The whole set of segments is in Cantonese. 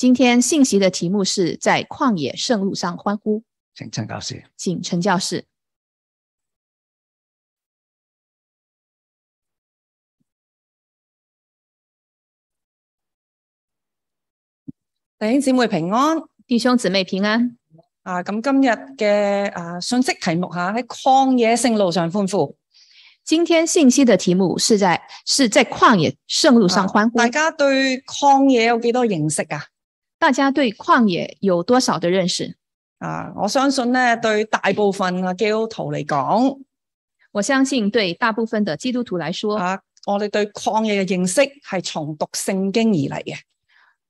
今天信息的題目是在曠野聖路上歡呼，請陳教士，請陳教士，弟兄姊妹平安，弟兄姊妹平安啊！咁今日嘅啊信息題目吓、啊、喺曠野聖路上歡呼。今天信息的題目是在是在曠野聖路上歡呼。啊、大家對曠野有幾多認識啊？大家對曠野有多少嘅認識啊？我相信咧，對大部分嘅基督徒嚟講，我相信對大部分嘅基，基督徒來說，啊，我哋對曠野嘅認識係從讀聖經而嚟嘅。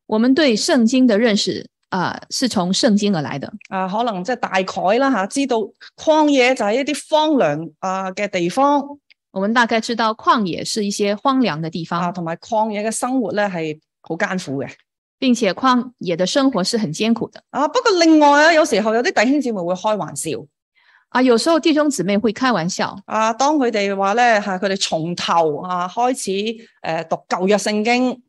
我們對聖經嘅認識啊，是從聖經而來嘅，啊，可能即係大概啦吓，啊，知道曠野就係一啲荒涼啊嘅地方。我們大概知道曠野是一些荒涼嘅地方啊，同埋曠野嘅生活咧係好艱苦嘅。並且曠野的生活是很艱苦的啊。不過另外啊，有時候有啲弟兄姊妹會開玩笑啊，有時候弟兄姊妹會開玩笑啊。當佢哋話咧係，佢哋從頭啊開始誒、呃、讀舊約聖經。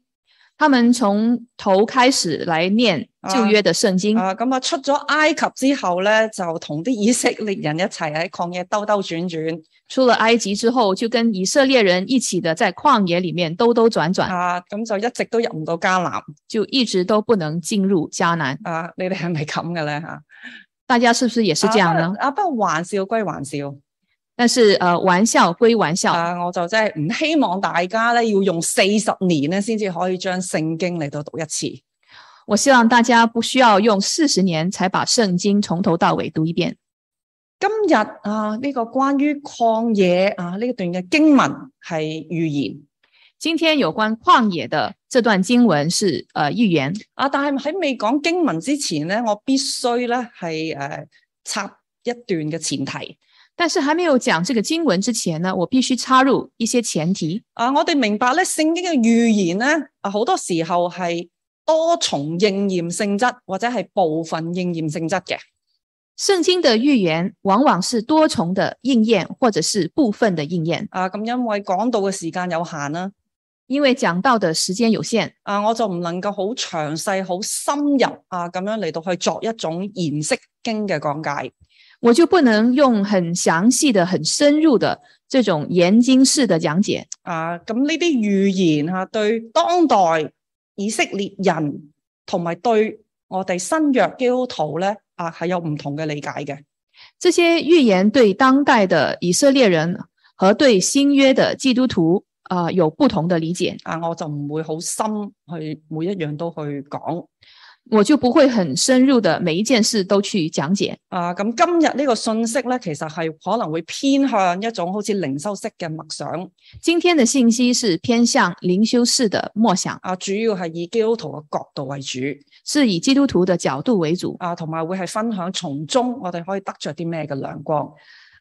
他們從頭開始來念舊約的聖經啊，咁啊出咗埃及之後咧，就同啲以色列人一齊喺曠野兜兜轉轉。出了埃及之後，就跟以色列人一起的在曠野裏面兜兜轉轉。啊，咁就一直都入唔到迦南，就一直都不能進入迦南。啊，你哋係咪咁嘅咧吓？大家是不是也是這樣呢？啊，啊不過玩笑歸玩笑。但是誒、呃，玩笑歸玩笑，誒、啊,我就真係唔希望大家咧，要用四十年咧，先至可以將聖經嚟到讀一次。我希望大家不需要用四十年，才把聖經從頭到尾讀一遍。今日啊，呢、這個關於曠野啊呢一、這個段嘅經文係預言。今天有關曠野的這段經文是誒、呃、預言啊，但係喺未講經文之前咧，我必須咧係誒插一段嘅前提。但是還沒有講這個經文之前呢，我必須插入一些前提。啊，我哋明白咧，聖經嘅預言咧，啊好多時候係多重應驗性質，或者係部分應驗性質嘅。聖經的預言往往是多重的應驗，或者是部分的應驗。啊，咁因為講到嘅時間有限啦，因為講到的時間有限，啊，我就唔能夠好詳細、好深入啊，咁樣嚟到去作一種研釋經嘅講解。我就不能用很詳細的、很深入的這種研經式的講解。啊，咁呢啲預言吓，啊，對當代以色列人同埋對我哋新約基督徒咧，啊係有唔同嘅理解嘅。這些預言對當代的以色列人和對新約的基督徒，啊有不同的理解。啊，我就唔會好深去每一樣都去講。我就不會很深入的每一件事都去講解。啊，咁今日呢個信息呢，其實係可能會偏向一種好似靈修式嘅默想。今天嘅信息是偏向靈修式的默想。啊，主要係以基督徒嘅角度為主，是以基督徒的角度為主。啊，同埋會係分享從中我哋可以得着啲咩嘅亮光。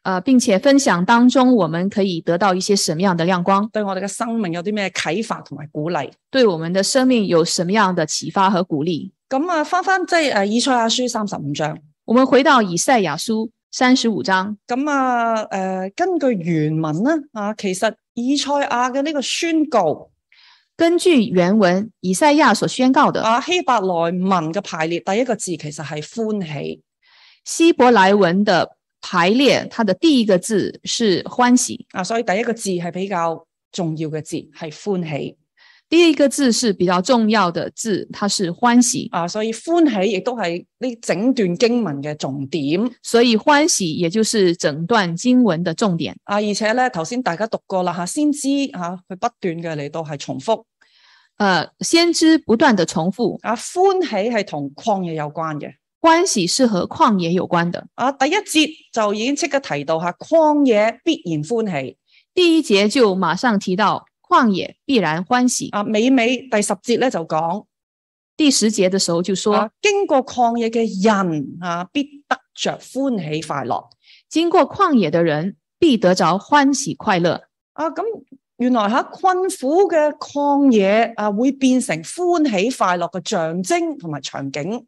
啊、呃，並且分享當中，我們可以得到一些什麼樣的亮光？對我哋嘅生命有啲咩啟發同埋鼓勵？對我們的生命有什麼樣的啟發和鼓勵？咁啊，翻翻即係誒，以賽亞書三十五章。我們回到以賽亞書三十五章。咁啊，誒、呃，根據原文啦，啊，其實以賽亞嘅呢個宣告，根據原文，以賽亞所宣告的啊，希伯萊文嘅排列第一個字其實係歡喜，希伯來文的。排列它的第一個字是歡喜啊，所以第一個字係比較重要嘅字，係歡喜。第一個字是比較重要嘅字，它是歡喜啊，所以歡喜亦都係呢整段經文嘅重點。所以歡喜，也就是整段經文嘅重點啊。而且咧，頭先大家讀過啦吓，先知吓佢、啊、不斷嘅嚟到係重複，誒、呃，先知不斷地重複啊，歡喜係同曠野有關嘅。歡喜是和曠野有關的啊，第一節就已經即刻提到吓曠野必然歡喜，第一節就馬上提到曠野必然歡喜啊。美美第十節咧就講，第十節的時候就說，啊、經過曠野嘅人啊，必得着歡喜快樂。經過曠野的人必得着歡喜快樂。啊咁、嗯、原來吓困苦嘅曠野啊會變成歡喜快樂嘅象徵同埋場景。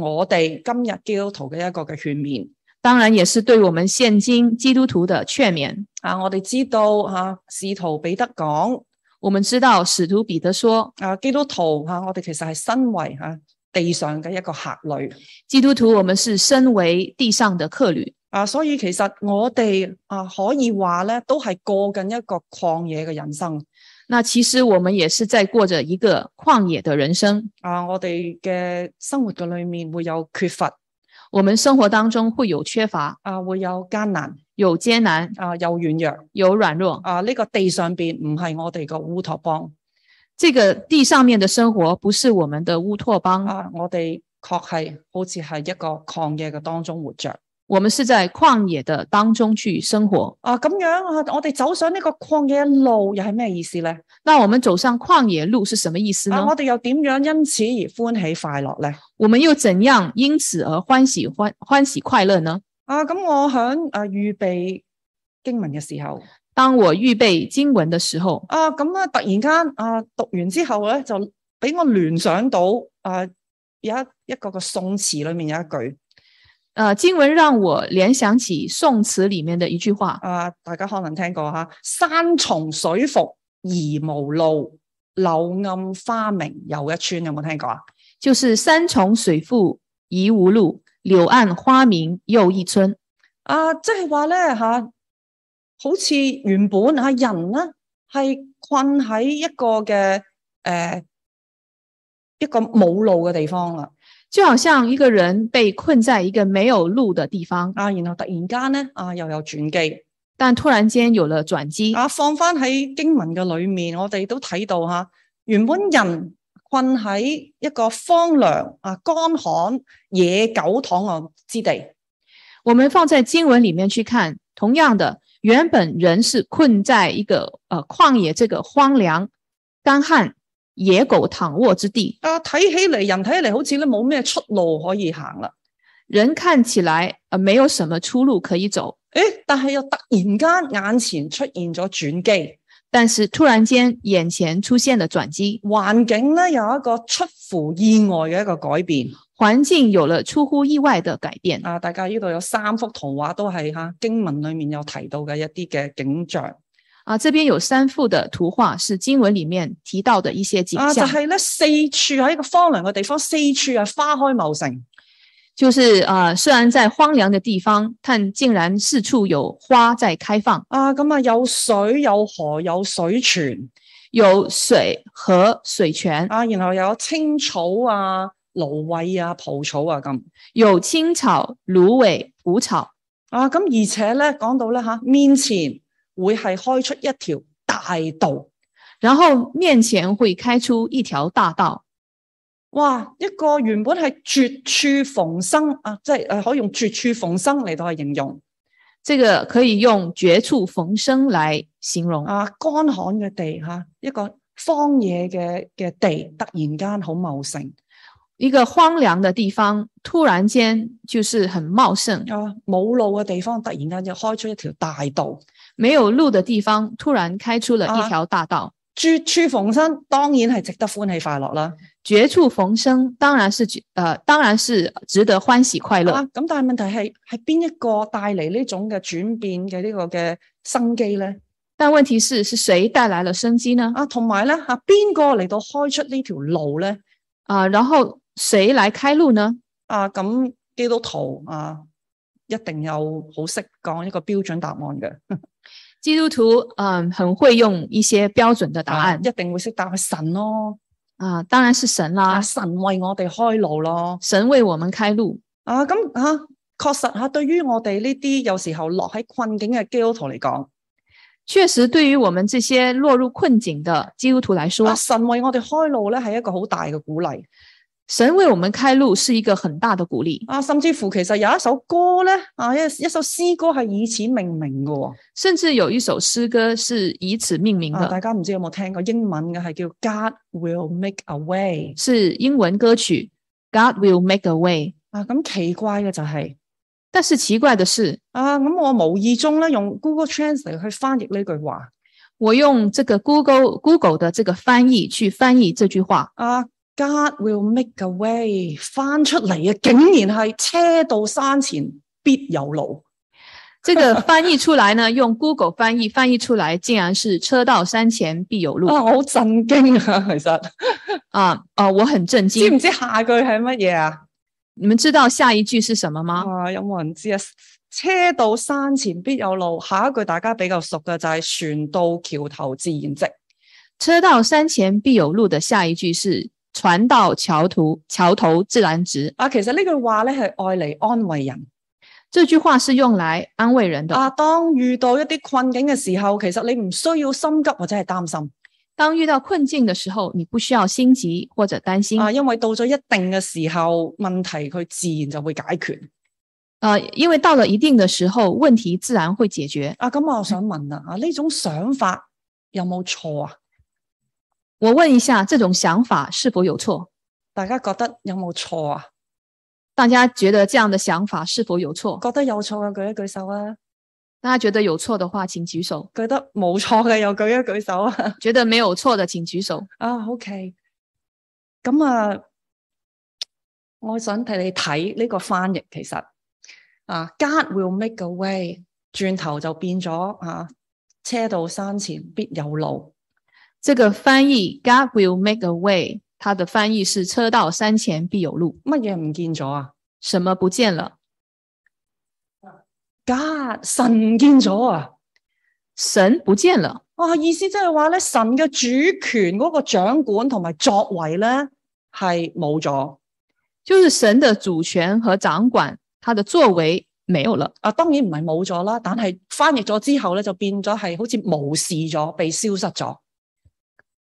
我哋今日基督徒嘅一個嘅勸勉，當然也是對我們現今基督徒的勸勉啊！我哋知道吓，啊、使徒彼得講，我們知道使徒彼得說啊，基督徒吓、啊，我哋其實係身為吓、啊、地上嘅一個客旅，基督徒，我們是身為地上的客旅啊，所以其實我哋啊可以話咧，都係過緊一個曠野嘅人生。那其實我們也是在過着一個曠野的人生啊！我哋嘅生活嘅裏面會有缺乏，我們生活當中會有缺乏啊，會有艱難，有艱難啊，有軟弱，有軟弱啊！呢個地上邊唔係我哋嘅烏托邦，這個地上面嘅生活不是我們的烏托邦啊！我哋確係好似係一個曠野嘅當中活著。我們是在曠野的當中去生活啊，咁樣啊，我哋走上呢個曠野路又係咩意思咧？那我們走上曠野路是什麼意思呢？啊、我哋又點樣因此而歡喜快樂咧？我們又怎樣因此而歡喜歡歡喜快樂呢？啊，咁、嗯、我響啊預備經文嘅時候，當我預備經文的時候，啊咁、嗯、啊突然間啊讀完之後咧，就俾我聯想到啊有一個一個個宋詞裏面有一句。誒、呃，經文讓我聯想起宋詞裏面的一句話，啊、呃，大家可能聽過吓、啊，山重水複疑無路，就是、無路，柳暗花明又一村，有冇聽過啊？就是山重水複疑無路，柳暗花明又一村。啊，即係話咧吓，好似原本啊人咧係困喺一個嘅誒、呃、一個冇路嘅地方啦。就好像一個人被困在一個沒有路的地方啊，然後突然間呢啊又有轉機，但突然間有了轉機啊。放翻喺經文嘅裏面，我哋都睇到吓，原本人困喺一個荒涼啊、乾旱、野狗躺臥之地。我們放在經文裏面去看，同樣的，原本人是困在一個誒、呃、曠野，這個荒涼、乾旱。野狗躺臥之地啊，睇起嚟，人睇起嚟好似咧，冇咩出路可以行啦。人看起來啊，人看起來沒有什麼出路可以走。誒，但係又突然間眼前出現咗轉機，但是突然間眼前出現了轉機，環境咧有一個出乎意外嘅一個改變，環境有了出乎意外的改變。啊，大家呢度有三幅圖畫都係吓經文裏面有提到嘅一啲嘅景象。啊，這邊有三幅的圖畫，是經文裡面提到的一些景象。啊，就係、是、咧，四處喺一個荒涼嘅地方，四處啊花開茂盛，就是啊，雖然在荒涼嘅地方，但竟然四處有花在開放。啊，咁、嗯、啊有水有河有水泉，有水河水泉啊，然後有青草啊、蘆葦啊、蒲草啊咁，有青草、蘆葦、蒲草啊，咁、嗯、而且咧講到咧吓面前。會係開出一條大道，然後面前會開出一條大道。哇！一個原本係絕處逢生啊，即係誒，可以用絕處逢生嚟到去形容。即、這個可以用絕處逢生嚟形容啊。乾旱嘅地吓、啊，一個荒野嘅嘅地，突然間好茂盛。一個荒涼嘅地方，突然間就是很茂盛。冇、啊、路嘅地方，突然間就開出一條大道。沒有路的地方突然開出了一條大道，絕、啊、處逢生當然係值得歡喜快樂啦。絕處逢生當然是，誒，當然是值得歡喜快樂。咁、啊、但係問題係係邊一個帶嚟呢種嘅轉變嘅呢個嘅生機咧？但問題是，是誰帶來了生機呢？啊，同埋咧，啊，邊個嚟到開出呢條路咧？啊，然後誰來開路呢？啊，咁基督徒啊。一定有好識講一個標準答案嘅基督徒，嗯，很會用一些標準嘅答案，啊，一定會識答神咯。啊，當然是神啦，啊，神為我哋開路咯，神為我們開路。啊，咁，嗯，啊，確實啊，對於我哋呢啲有時候落喺困境嘅基督徒嚟講，確實對於我們這些落入困境的基督徒來說，啊，神為我哋開路咧，係一個好大嘅鼓勵。神為我們開路是一個很大的鼓勵啊，甚至乎其實有一首歌呢，啊，一一首詩歌係以此命名的，甚至有一首詩歌是以此命名的，命名的、啊、大家唔知有冇聽過英文嘅係叫 God will make a way，是英文歌曲 God will make a way。啊，咁、嗯、奇怪嘅就係、是，但是奇怪嘅是啊，咁、嗯、我無意中呢用 Google Translate 去翻譯呢句話，我用這個 Google Google 的這個翻譯去翻譯這句話啊。God will make a way 翻出嚟啊，竟然係車到山前必有路， 這個翻譯出來呢？用 Google 翻譯翻譯出來，竟然是車到山前必有路，啊、我好震驚啊！其實 啊啊，我很震驚。知唔知下句係乜嘢啊？你們知道下一句是什麼嗎？啊、有冇人知啊？車到山前必有路，下一句大家比較熟嘅就係船到橋頭自然直。車到山前必有路的下一句是。船到橋頭橋頭自然直啊！其實呢句話咧係愛嚟安慰人，這句話是用來安慰人的。啊，當遇到一啲困境嘅時候，其實你唔需要心急或者係擔心。當遇到困境的時候，你不需要心急或者擔心，者擔心啊，因為到咗一定嘅時候，問題佢自然就會解決。啊，因為到了一定的時候，問題自然會解決。啊，咁、嗯啊、我想問啦，啊呢種想法有冇錯啊？我問一下，這種想法是否有錯？大家覺得有冇錯啊？大家覺得這樣的想法是否有錯？覺得有錯嘅舉一舉手啊！大家覺得有錯的話，請舉手。覺得冇錯嘅又舉一舉手啊！ 覺得沒有錯的，請舉手。啊、uh，OK。咁啊，我想替你睇呢個翻譯，其實啊、uh，God will make a way，轉頭就變咗啊，uh, 車到山前必有路。這個翻譯 God will make a way，它的翻譯是車到山前必有路。乜嘢唔見咗啊？什麼不見了？God 神唔見咗啊？神不見了。啊、哦，意思即係話咧，神嘅主權嗰個掌管同埋作為咧係冇咗，就是神的主權和掌管，他的作為沒有了。啊，當然唔係冇咗啦，但係翻譯咗之後咧就變咗係好似無視咗，被消失咗。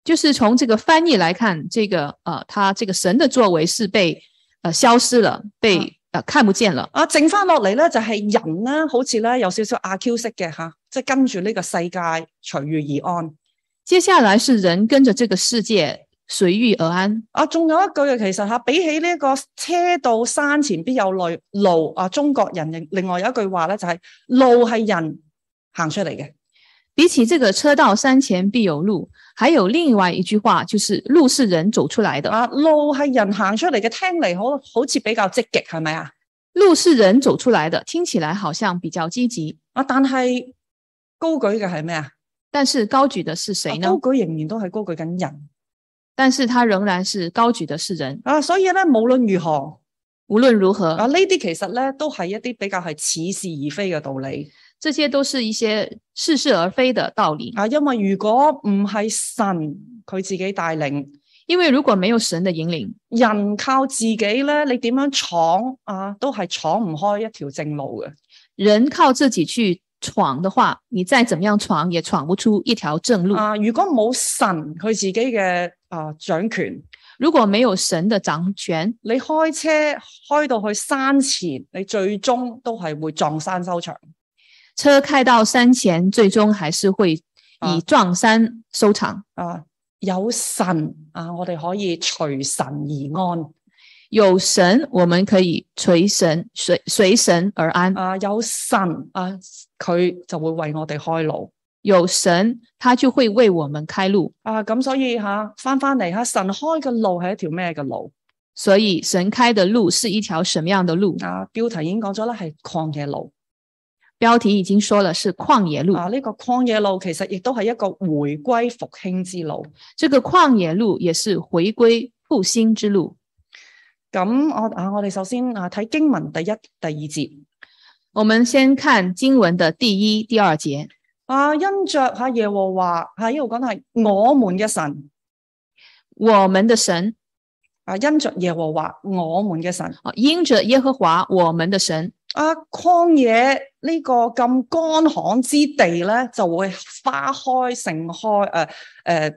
就是從這個翻譯來看，這個，啊、呃，他這個神的作為是被，呃、消失了，被、啊呃，看不見了。啊，剩翻落嚟咧就係、是、人啦，好似咧有少少阿 Q 式嘅吓，即、啊、係、就是、跟住呢個世界隨遇而安。接下來是人跟着這個世界隨遇而安。啊，仲有一句嘅，其實吓、啊、比起呢個車到山前必有路，路啊，中國人另另外有一句話咧就係、是、路係人行出嚟嘅。比起這個車到山前必有路。還有另外一句話，就是路是人走出來的啊，路係人行出嚟嘅，聽嚟好好似比較積極，係咪啊？路是人走出來的，聽起來好像比較積極啊。但係高舉嘅係咩啊？但是高舉的是誰呢？啊？高舉仍然都係高舉緊人，但是他仍然是高舉的是人啊。所以咧，無論如何，無論如何啊，呢啲其實咧都係一啲比較係似是而非嘅道理。這些都是一些似是而非的道理啊！因為如果唔係神佢自己帶領，因為如果沒有神的引領，人靠自己呢，你點樣闖啊，都係闖唔開一條正路嘅。人靠自己去闖的話，你再怎麼樣闖，也闖不出一條正路啊！如果冇神佢自己嘅啊掌權，如果沒有神的掌權，你開車開到去山前，你最終都係會撞山收場。車開到山前，最終還是會以撞山收場。啊，有神啊，我哋可以隨神而安；有神，我們可以隨神隨隨神而安。啊，有神啊，佢就會為我哋開路；有神，他就會為我們開路。啊，咁所以吓翻翻嚟吓，神開嘅路係一條咩嘅路？所以神開的路是一條什麼樣的路？啊，標題已經講咗啦，係曠野嘅路。標題已經說了是曠野路啊！呢、這個曠野路其實亦都係一個回歸復興之路。這個曠野路也是回歸復興之路。咁、嗯、我啊，我哋首先啊睇經文第一、第二節。我們先看經文的第一、第二節。啊，因着哈耶和華喺呢度講係我們嘅神，我們的神啊，因着耶和華我們嘅神啊，因着耶和華我們的神啊，曠野。呢、這個咁乾旱之地咧，就會花開盛開，誒、呃、誒、呃，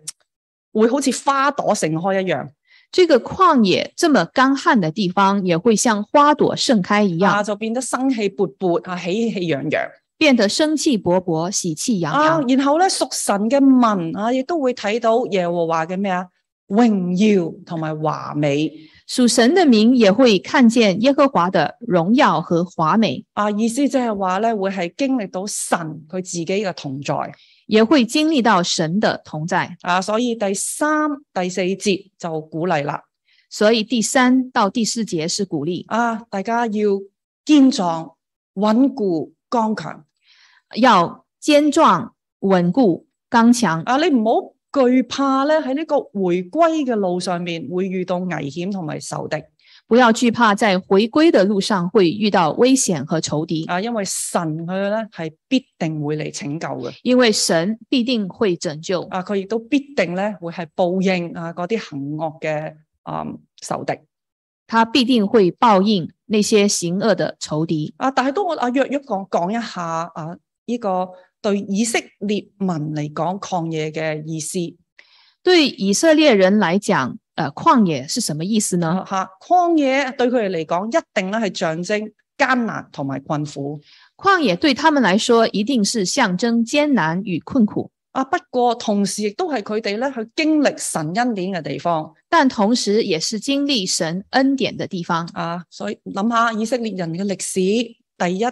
會好似花朵盛開一樣。這個曠野這麼乾旱嘅地方，也會像花朵盛開一樣。啊，就變得生氣勃勃，啊喜氣洋洋，變得生氣勃勃，喜氣洋洋。啊、然後咧，屬神嘅民啊，亦都會睇到耶和華嘅咩啊榮耀同埋華美。屬神的名也會看見耶和華的榮耀和華美啊！意思即係話咧，會係經歷到神佢自己嘅同在，也會經歷到神的同在啊！所以第三、第四節就鼓勵啦。所以第三到第四節是鼓勵啊！大家要堅壯、穩固、剛強，要堅壯、穩固、剛強啊！你唔好懼怕咧，喺呢個回歸嘅路上面會遇到危險同埋仇敵，不要懼怕在回歸的路上會遇到危險和仇敵啊！因為神佢咧係必定會嚟拯救嘅，因為神必定會拯救啊！佢亦都必定咧會係報應啊嗰啲行惡嘅啊仇敵，他必定會報應那些行惡的仇敵啊！但係當我啊略略講講一下啊、這、呢個。對以色列民嚟講，曠野嘅意思；對以色列人來講，誒，曠野是什麼意思呢？吓，曠野對佢哋嚟講，一定咧係象徵艱難同埋困苦。曠野對他們來說，一定是象徵艱難與困苦。啊，不過同時亦都係佢哋咧去經歷神恩典嘅地方，但同時也是經歷神恩典嘅地方。啊，所以諗下以色列人嘅歷史，第一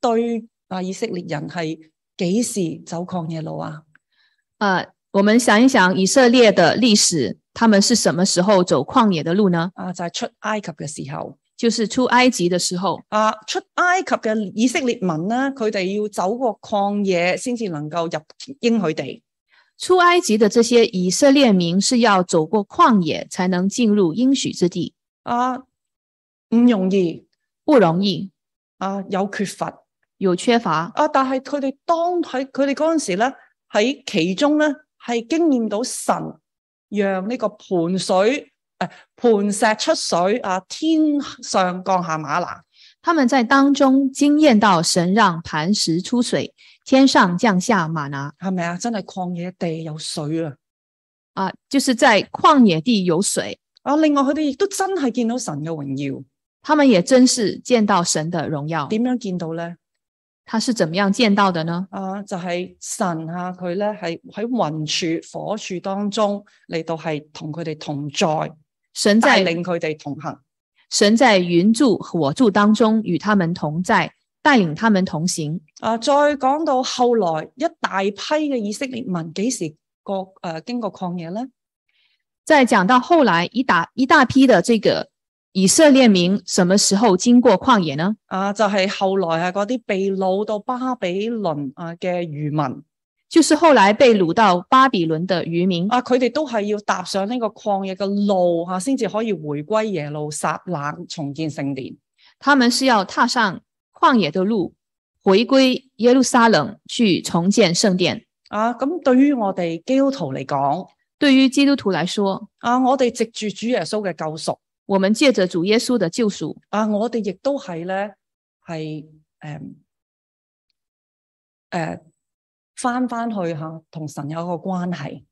對啊，以色列人係。幾時走曠野路啊？啊，我們想一想以色列的歷史，他們是什麼時候走曠野的路呢？啊，在、就是、出埃及嘅時候，就是出埃及嘅時候。啊，出埃及嘅以色列民呢，佢哋要走過曠野，先至能夠入應許地。出埃及嘅這些以色列民是要走過曠野，才能進入應許之地。啊，唔容易，不容易。啊，有缺乏。有缺乏啊！但係佢哋當喺佢哋嗰陣時咧，喺其中咧係經驗到神，讓呢個盤水誒、呃、盤石出水啊！天上降下馬拿。他們在當中經驗到神，讓磐石出水，天上降下馬拿，係咪啊？是是真係曠野地有水啊！啊，就是在曠野地有水啊！另外佢哋亦都真係見到神嘅榮耀，他們也真是見到神的榮耀，點樣見到咧？他是怎麼樣見到的呢？啊，就係、是、神啊，佢咧係喺雲柱火柱當中嚟到係同佢哋同在，神帶領佢哋同行，神在雲柱火柱當中與他們同在，帶領他們同行。啊，再講到後來，一大批嘅以色列民幾時過誒、呃、經過曠野咧？再講到後來，一大一大批的這個。以色列民什麼時候經過曠野呢？啊，就係、是、後來啊，嗰啲被擄到巴比倫啊嘅漁民，就是後來被擄到巴比倫的漁民啊，佢哋都係要踏上呢個曠野嘅路吓，先、啊、至可以回歸耶路撒冷重建聖殿。他們是要踏上曠野的路，回歸耶路撒冷去重建聖殿啊。咁對於我哋基督徒嚟講，對於基督徒來說啊，我哋藉住主耶穌嘅救贖。我們借着主耶穌的救贖啊，我哋亦都係咧，係誒誒返返去吓，同、啊、神有一個關係。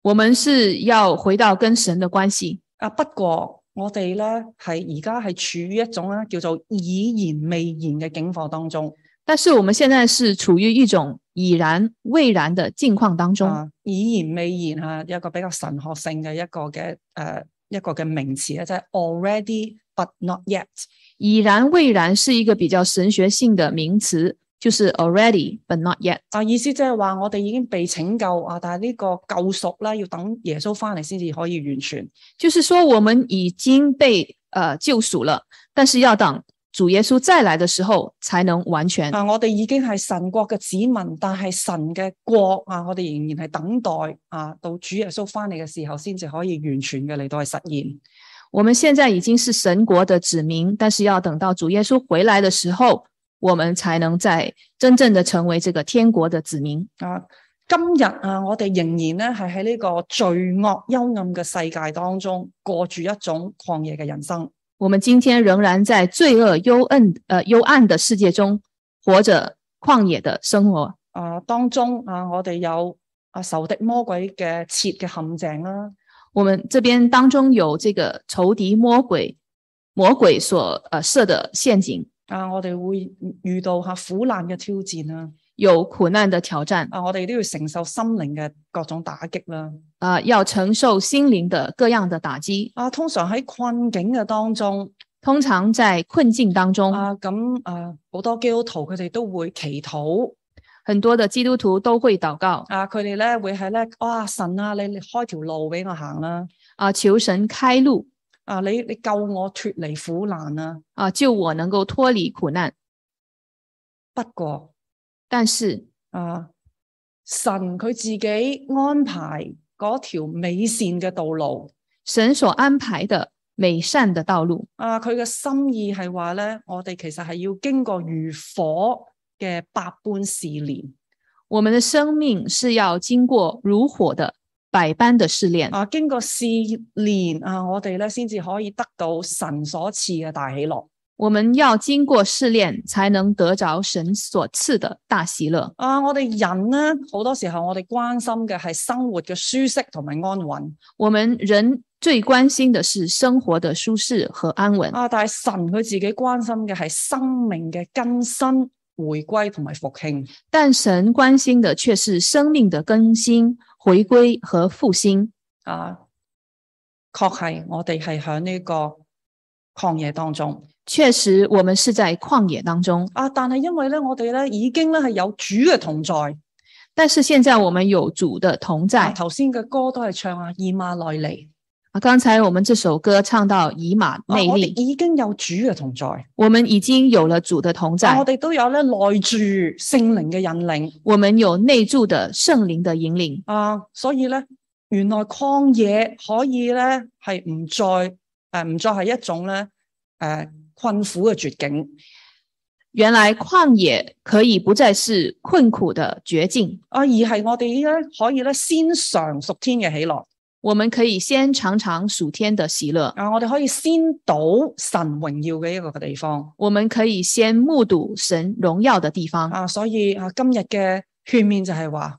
我們是要回到跟神嘅關係啊。不過我哋咧係而家係處於一種咧叫做已然未然嘅境況當中。但是我們現在是處於一種已然未然嘅境況當中。已、啊、然未然吓、啊，一個比較神學性嘅一個嘅誒。啊一個嘅名詞咧，就係、是、already but not yet，已然未然是一個比較神學性的名詞，就是 already but not yet 啊，但意思即係話我哋已經被拯救啊，但係呢個救贖啦，要等耶穌翻嚟先至可以完全。就是說，我們已經被誒、呃、救贖了，但是要等。主耶穌再來的時候，才能完全。啊，我哋已經係神國嘅子民，但係神嘅國啊，我哋仍然係等待啊，到主耶穌翻嚟嘅時候，先至可以完全嘅嚟到去實現。我們現在已經是神國嘅子民，但是要等到主耶穌回來嘅時候，我們才能再真正的成為這個天國嘅子民。啊，今日啊，我哋仍然咧係喺呢個罪惡幽暗嘅世界當中，過住一種曠野嘅人生。我們今天仍然在罪惡幽暗、呃幽暗的世界中，活着曠野的生活。啊，當中啊，我哋有啊仇敵魔鬼嘅設嘅陷阱啦、啊。我們這邊當中有這個仇敵魔鬼，魔鬼所呃、啊、設的陷阱啊，我哋會遇到吓苦難嘅挑戰啦，有苦難的挑戰啊，我哋、啊、都要承受心靈嘅各種打擊啦、啊。啊、呃，要承受心靈的各樣的打擊。啊，通常喺困境嘅當中，通常在困境當中。啊，咁、嗯、啊，好多基督徒佢哋都會祈禱，很多嘅基督徒都會禱告，啊，佢哋咧會喺咧，哇，神啊，你你開條路俾我行啦、啊。啊，求神開路。啊，你你救我脫離苦難啊。啊，救我能夠脫離苦難。不過，但是啊，神佢自己安排。嗰條美善嘅道路，神所安排的美善的道路啊，佢嘅心意係話咧，我哋其實係要經過如火嘅百般試煉，我們嘅生命是要經過如火的百般的試煉啊，經過試煉啊，我哋咧先至可以得到神所賜嘅大喜樂。我們要經過試煉，才能得着神所賜的大喜樂。啊，我哋人呢，好多時候我哋關心嘅係生活嘅舒適同埋安穩。我們人最關心的是生活的舒適和安穩。啊，但係神佢自己關心嘅係生命嘅更新、回歸同埋復興。但神關心的卻是生命的更新、回歸和復興。啊，確係我哋係喺呢個曠野當中。確實，我們是在曠野當中啊，但係因為咧，我哋咧已經咧係有主嘅同在。但是現在我們有主的同在。頭先嘅歌都係唱啊，以馬內利。啊，剛才我們這首歌唱到以馬內利，啊。我哋已經有主嘅同在，啊，我們已經有了主的同在。啊，我哋都有咧內住聖靈嘅引領，我們有內住的聖靈嘅引領啊。所以咧，原來曠野可以咧係唔再誒唔、呃、再係一種咧誒。呃困苦嘅絕境，原來曠野可以不再是困苦的絕境啊，而係我哋可以咧先嘗屬天嘅喜樂。我們可以先嘗嘗屬天的喜樂啊，我哋可以先睹神榮耀嘅一個地方。我們可以先目睹神榮耀嘅地方啊，所以啊，今日嘅勸勉就係話。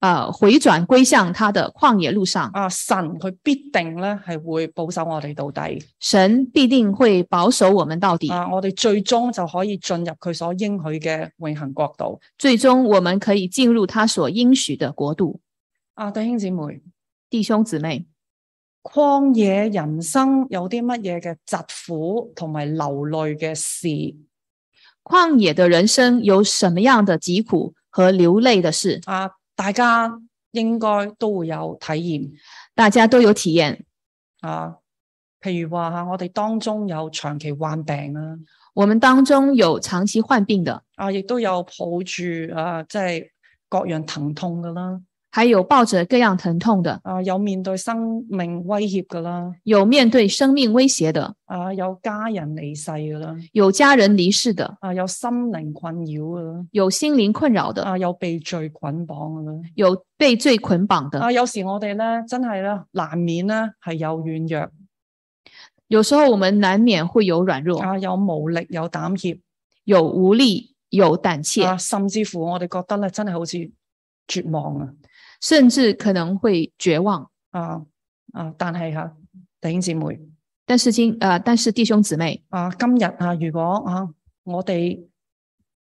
啊，回轉歸向他的曠野路上，啊，神佢必定咧係會保守我哋到底，神必定會保守我們到底，啊，我哋最終就可以進入佢所應許嘅永恒國度，最終我們可以進入他所應許的國度。啊，弟兄姊妹，弟兄姊妹，曠野人生有啲乜嘢嘅疾苦同埋流淚嘅事？曠野的人生有什麼樣的疾苦和流淚的事？啊？大家應該都會有體驗，大家都有體驗啊。譬如話我哋當中有長期患病啦、啊，我們當中有長期患病的啊，亦都有抱住啊，即係、就是、各樣疼痛的啦。還有抱着各樣疼痛的啊，有面對生命威脅噶啦，有面對生命威脅的啊，有家人離世噶啦，有家人離世的啊，有心靈困擾噶啦，有心靈困擾的，啊，心靈困擾的啊，有被罪捆綁噶啦，有被罪捆綁的啊，有時我哋咧真係咧難免咧係有軟弱，有時候我們難免會有軟弱啊，有無力、有膽怯、有無力、有膽怯，甚至乎我哋覺得咧真係好似絕望啊。甚至可能會絕望啊啊！但係吓弟兄姊妹，但是今啊，但是弟兄姊妹啊，今日啊，如果啊，我哋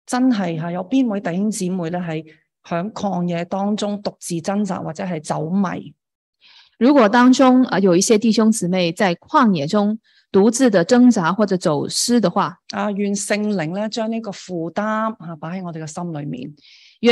真係吓有邊位弟兄姊妹咧，係響曠野當中獨自掙扎或者係走迷，如果當中啊有一些弟兄姊妹在曠野中獨自的掙扎或者走失嘅話，啊，願聖靈咧將呢個負擔啊擺喺我哋嘅心裏面。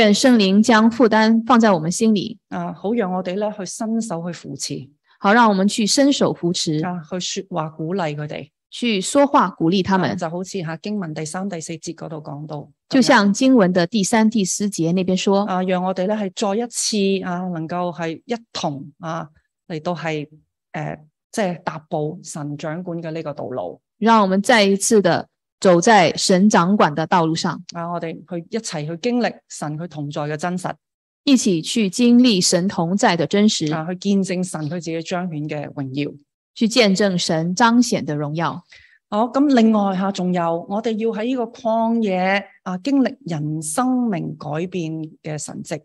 願聖靈將負擔放在我們心裏，啊，好讓我哋咧去伸手去扶持，好讓我們去伸手扶持，啊，去說話鼓勵佢哋，去說話鼓勵他們。啊、就好似吓經文第三、第四節嗰度講到，就像經文的第三、第四節那邊說，啊，讓我哋咧係再一次啊，能夠係一同啊嚟到係誒、呃，即係踏步神掌管嘅呢個道路。讓我們再一次的。走在神掌管的道路上啊！我哋去一齊去經歷神佢同在嘅真實，一起去經歷神同在的真實啊！去見證神佢自己彰顯嘅榮耀，去見證神彰顯的榮耀。好、哦、咁，另外吓，仲有我哋要喺呢個曠野啊，經歷人生命改變嘅神蹟。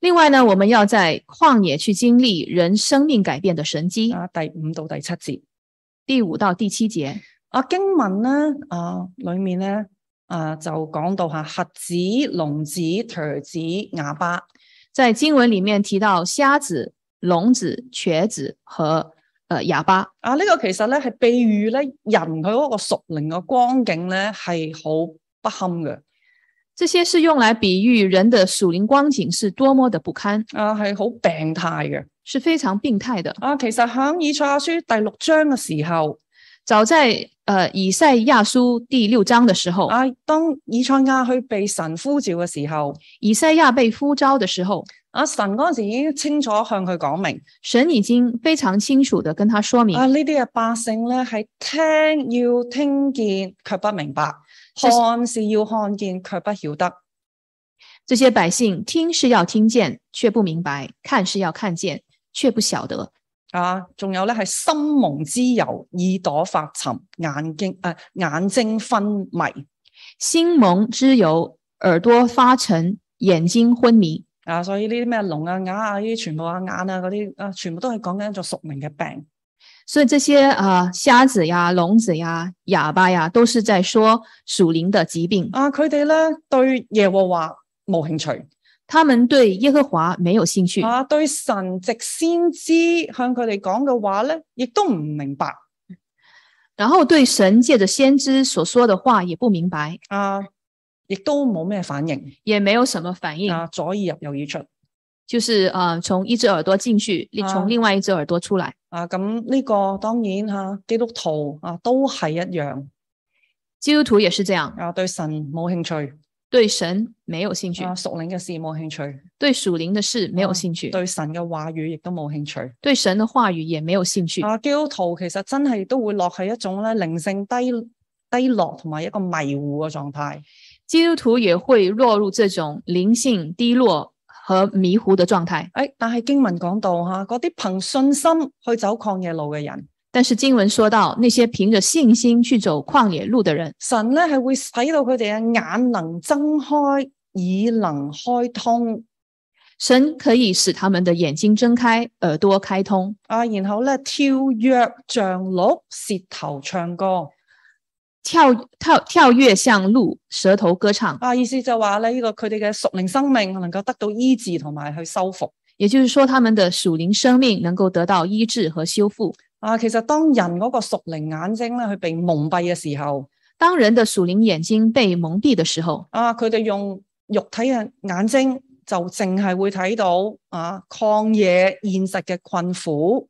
另外呢，我們要在曠野去經歷人生命改變的神蹟啊！第五到第七節，第五到第七節。啊經文咧啊裏面咧啊就講到吓，瞎子、聾子、駝子、啞巴，即係經文裏面提到瞎子、聾子、瘸子和誒呃、啞巴。啊呢個其實咧係比喻咧人佢嗰個屬靈嘅光景咧係好不堪嘅。這些是用來比喻人的屬靈光景是多麼的不堪。啊係好病態嘅，是非常病態的。啊其實響以賽亞書第六章嘅時候。早在呃，《以賽亞書》第六章的時候，啊，當以賽亞去被神呼召嘅時候，以賽亞被呼召嘅時候，阿神嗰時已經清楚向佢講明，神已經非常清楚地跟他說明，啊、呃，呢啲嘅百姓咧係聽要聽見卻不明白，看是，是要看見卻不曉得，這些百姓聽是要聽見卻不明白，看是要看見卻不曉得。啊，仲有咧，係心蒙之油，耳朵發沉，眼睛誒、啊、眼睛昏迷，心蒙之油，耳朵發沉，眼睛昏迷，啊，所以呢啲咩聾啊、啞啊，呢啲全部啊眼啊嗰啲啊，全部都係講緊一種屬靈嘅病，所以這些啊瞎子呀、啊、聾子呀、啊、啞巴呀，都是在說屬靈的疾病。啊，佢哋咧對耶和華冇興趣。他們對耶和華沒有興趣啊，對神藉先知向佢哋講嘅話咧，亦都唔明白。然後對神借着先知所說的話也不明白啊，亦都冇咩反應，也沒有什麼反應啊，左耳入右耳出，就是啊，從一隻耳朵進去，啊、從另外一隻耳朵出來啊。咁、嗯、呢、這個當然吓、啊，基督徒啊都係一樣，基督徒也是這樣啊，對神冇興趣。對神沒有興趣，啊、屬靈嘅事冇興趣，對屬靈嘅事沒有興趣，對神嘅話語亦都冇興趣，啊、對神嘅話語也沒有興趣。啊，基督徒其實真係都會落喺一種咧靈性低低落同埋一個迷糊嘅狀態，基督徒也會落入這種靈性低落和迷糊嘅狀態。誒、哎，但係經文講到吓，嗰啲憑信心去走抗野路嘅人，但是經文說到那些憑着信心去走曠野路的人，神呢係會使到佢哋嘅眼能睜開，耳能開通。神可以使他們的眼睛睜開，耳朵開通。啊，然後咧跳躍像鹿，舌頭唱歌，跳跳跳躍像鹿，舌頭歌唱。啊，意思就話咧呢、這個佢哋嘅屬靈生命能夠得到醫治同埋去修復。也就是說，他們的屬靈生命能夠得到醫治和修復。啊，其實當人嗰個屬靈眼睛咧，去被蒙蔽嘅時候，當人嘅屬靈眼睛被蒙蔽嘅時候，啊，佢哋用肉體嘅眼睛就淨係會睇到啊，曠野現實嘅困苦。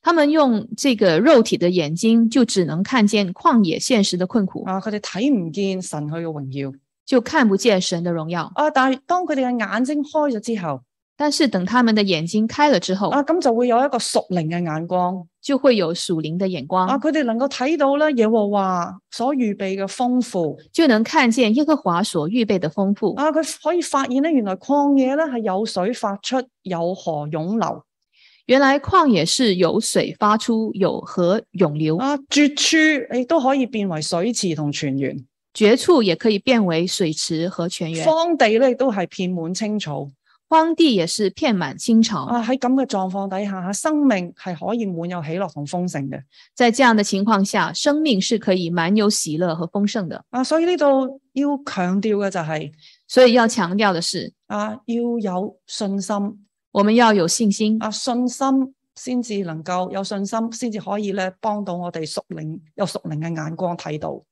他們用這個肉體嘅眼睛就只能看見曠野現實嘅困苦。啊，佢哋睇唔見神佢嘅榮耀，就看不見神嘅榮耀。啊，但係當佢哋嘅眼睛開咗之後。但是等他們的眼睛開了之後，啊，咁就會有一個屬靈嘅眼光，就會有屬靈的眼光。啊，佢哋能夠睇到咧耶和華所預備嘅豐富，就能看見耶和華所預備的豐富。啊，佢可以發現咧，原來曠野咧係有水發出，有河湧流。原來曠野是有水發出，有河湧流。啊，絕處亦都可以變為水池同泉源，絕處也可以變為水池和泉源。荒地咧都係遍滿青草。荒地也是遍滿青草啊！喺咁嘅狀況底下，生命係可以滿有喜樂同豐盛嘅。在這樣的情況下，生命是可以滿有喜樂和豐盛的。啊，所以呢度要強調嘅就係，所以要強調的是。啊，要有信心，我們要有信心。啊，信心先至能夠有信心，先至可以咧幫到我哋屬靈有屬靈嘅眼光睇到。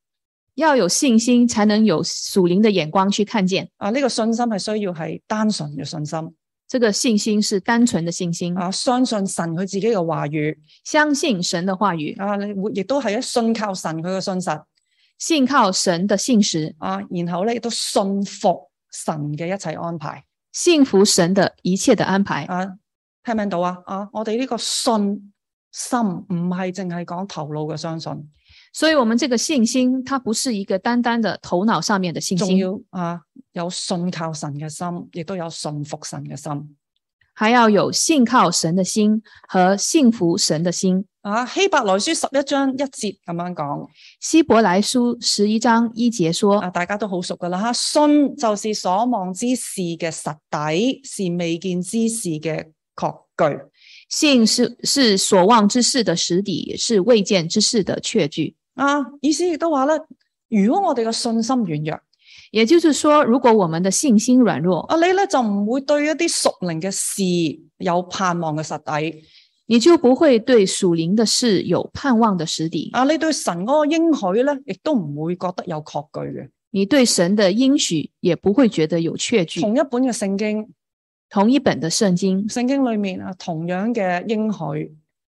要有信心，才能有屬靈的眼光去看見。啊，呢個信心係需要係單純嘅信心。這個信心是單純嘅信心。啊，相信神佢自己嘅話語，相信神嘅話語。啊，你亦都係一信靠神佢嘅信實，信靠神嘅信實。啊，然後咧亦都信服神嘅一切安排，信服神的一切嘅安排。啊，聽唔聽到啊？啊，我哋呢個信心唔係淨係講頭腦嘅相信。所以，我們這個信心，它不是一個單單的頭腦上面的信心。重要啊，有信靠神嘅心，亦都有信服神嘅心，還要有信靠神的心和信服神的心。啊，希伯來書十一章一節咁樣講。希伯來書十一章一節說：啊，大家都好熟噶啦，哈、啊，信就是所望之事嘅實底，是未見之事嘅確據；信是是所望之事的實底，是未見之事的確據。啊，意思亦都話咧，如果我哋嘅信心軟弱，也就是說，如果我們的信心軟弱，啊，你咧就唔會對一啲屬靈嘅事有盼望嘅實底，你就不會對屬靈嘅事有盼望嘅實底。啊，你對神嗰個應許咧，亦都唔會覺得有確據嘅，你對神嘅應許也不會覺得有確據。同一本嘅聖經，同一本嘅聖經，聖經裏面啊，同樣嘅應許，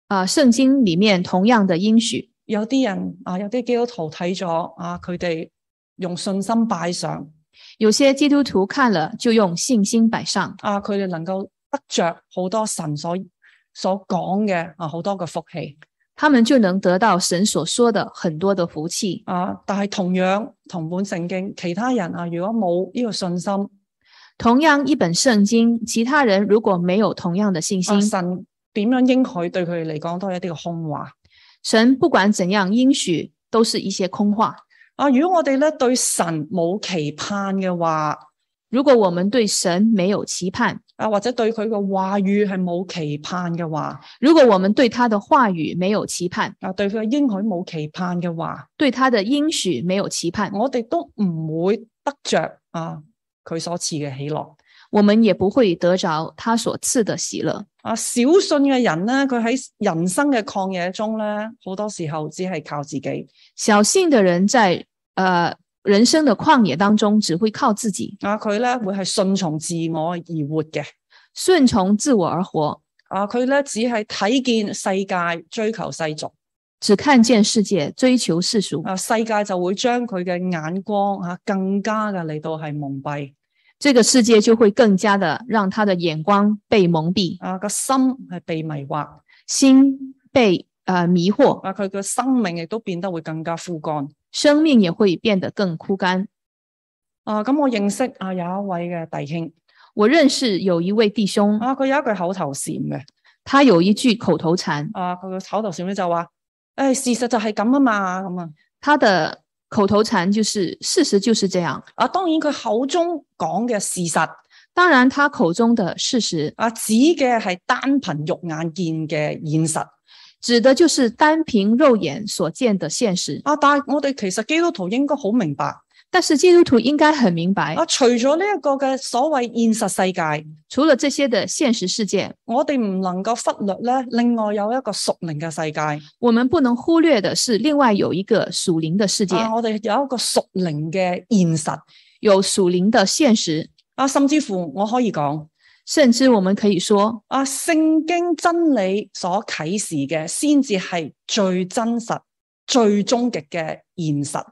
啊，聖經裏面同樣嘅應許。有啲人啊，有啲基督徒睇咗啊，佢哋用信心擺上。有些基督徒看了就用信心擺上啊，佢哋能夠得着好多神所所講嘅啊，好多嘅福氣。他們就能得到神所說的很多嘅福氣啊。但係同樣同本聖經，其他人啊，如果冇呢個信心，同樣一本聖經，其他人如果沒有同樣的信心，神點樣應許對佢哋嚟講都係一啲嘅空話。神不管怎樣應許都是一些空話啊！如果我哋咧對神冇期盼嘅話，如果我們對神沒有期盼啊，或者對佢嘅話語係冇期盼嘅話，如果我們對他的話語沒有期盼啊，對佢嘅應許冇期盼嘅話，對他的應許沒有期盼，我哋都唔會得着啊佢所賜嘅喜樂。我們也不會得着他所賜的喜樂。啊！小信嘅人咧，佢喺人生嘅曠野中咧，好多時候只係靠自己。小信嘅人在誒、呃、人生的曠野當中，只會靠自己。啊，佢咧會係順從自我而活嘅，順從自我而活。啊，佢咧只係睇見世界，追求世俗，只看見世界，追求世俗。啊，世界就會將佢嘅眼光啊，更加嘅嚟到係蒙蔽。這個世界就會更加的讓他的眼光被蒙蔽，啊個心係被迷惑，心被，啊、呃、迷惑，啊佢嘅生命亦都變得會更加枯乾，生命也會變得更枯乾。啊咁，我認識啊有一位嘅弟兄，我認識有一位弟兄，啊佢有一句口頭禪嘅，他有一句口頭禪，啊佢嘅口頭禪咧就話，誒事實就係咁啊嘛咁啊，他的，的。哎口頭禪就是事實，就是這樣。啊，當然佢口中講嘅事實，當然他口中的事實，啊指嘅係單憑肉眼見嘅現實，指嘅就是單憑肉眼所見的現實。啊，但係我哋其實基督徒應該好明白。但是基督徒應該很明白，啊，除咗呢一個嘅所謂現實世界，除了這些的現實世界，我哋唔能夠忽略咧，另外有一個屬靈嘅世界。啊，我們不能忽略的是，另外有一個屬靈嘅世界。我哋有一個屬靈嘅現實，有屬靈的現實啊，甚至乎我可以講，甚至我們可以說，啊，聖經真理所啟示嘅，先至係最真實、最終極嘅現實。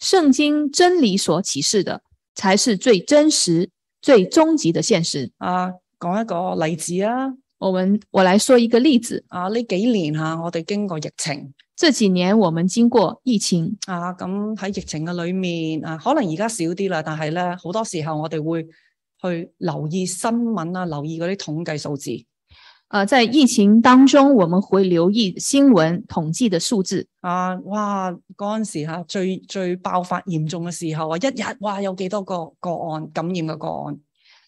聖經真理所啟示的，才是最真實、最終極的現實。啊，講一個例子啊，我們我來說一個例子。啊，呢幾年啊，我哋經過疫情，這幾年我們經過疫情。啊，咁喺疫情嘅裏面，啊，可能而家少啲啦，但係咧，好多時候我哋會去留意新聞啊，留意嗰啲統計數字。呃，在疫情當中，我們會留意新聞統計的數字。啊，哇，嗰陣時吓、啊、最最爆發嚴重的時候啊，一日哇有幾多個個，個案感染的個案，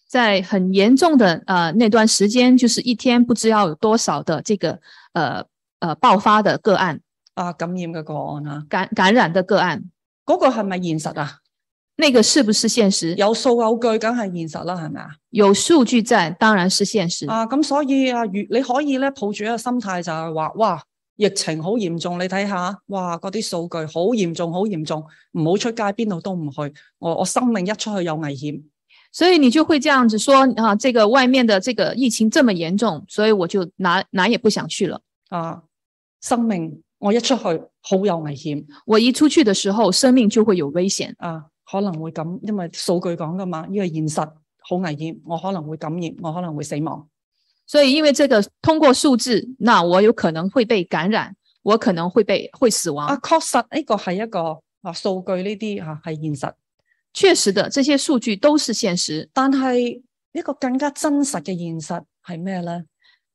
在很嚴重的誒、呃，那段時間就是一天不知道有多少的這個，呃誒、呃，爆發的個案，啊，感染的個案啊，感染的個案啊，感感染的個案，嗰個係咪現實啊？那個是不是現實？有數有據，梗係現實啦，係咪啊？有數據在，當然是現實。啊，咁所以啊，如你可以咧，抱住一個心態就係話，哇，疫情好嚴重，你睇下，哇，嗰啲數據好嚴重，好嚴重，唔好出街，邊度都唔去。我我生命一出去有危險，所以你就會這樣子說啊，這個外面的這個疫情這麼嚴重，所以我就哪哪也不想去了。啊，生命我一出去好有危險，我一出去的時候，生命就會有危險啊。可能會噉，因為數據講噶嘛，呢個現實好危險。我可能會感染，我可能會死亡。所以因為這個通過數字，那我有可能會被感染，我可能會被會死亡。啊，確實呢個係一個啊數據呢啲吓係現實，確實的，這些數據都是現實。但係一個更加真實嘅現實係咩呢？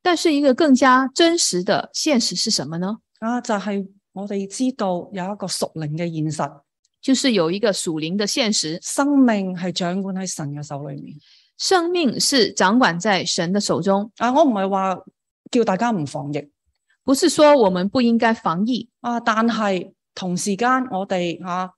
但是一個更加真實的現實是什麼呢？啊，就係、是、我哋知道有一個屬靈嘅現實。就是有一個屬靈的現實，生命係掌管喺神嘅手裏面。生命是掌管在神的手中。啊，我唔係話叫大家唔防疫，不是說我們不應該防疫啊。但係同時間我們，我哋啊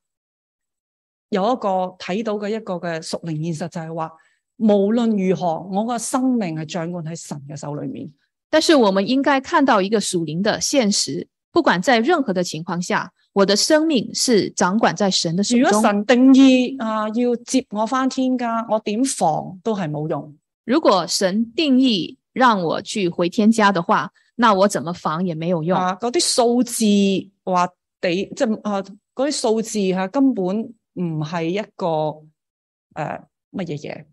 有一個睇到嘅一個嘅屬靈現實就係話，無論如何，我個生命係掌管喺神嘅手裏面。但是，我們應該看到一個屬靈的現實，不管在任何的情況下。我的生命是掌管在神的手中。如果神定義啊要接我翻天家，我點防都係冇用。如果神定義讓我去回天家的話，那我怎麼防也沒有用。啊，嗰啲數字話地，即係啊嗰啲數字吓、啊、根本唔係一個誒乜嘢嘢。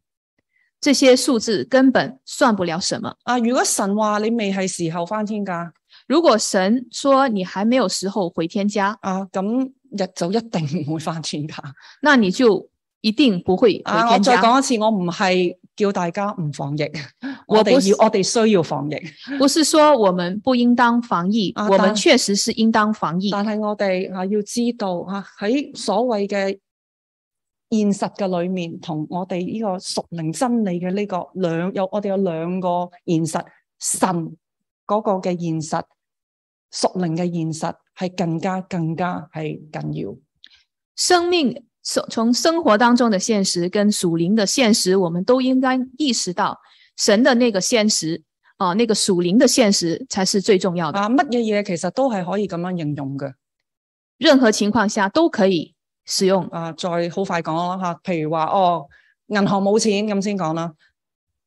這些數字根本算不了什麼。啊，如果神話你未係時候翻天家。如果神說你還沒有時候回天家，啊咁日就一定唔會翻天家，那你就一定不會回天家。啊、我再講一次，我唔係叫大家唔防疫，我哋要我哋需要防疫，不是說我們不應當防疫，啊、我們確實是應當防疫。但係我哋啊要知道啊喺所謂嘅現實嘅裏面，同我哋呢個屬靈真理嘅呢個兩有我哋有兩個現實，神嗰個嘅現實。屬靈嘅現實係更加更加係緊要。生命從生活當中的現實跟屬靈的現實，我們都應該意識到神的那個現實啊、呃，那個屬靈的現實才是最重要嘅。啊，乜嘢嘢其實都係可以咁樣應用嘅，任何情況下都可以使用。啊，再好快講啦吓，譬如話哦，銀行冇錢咁先講啦。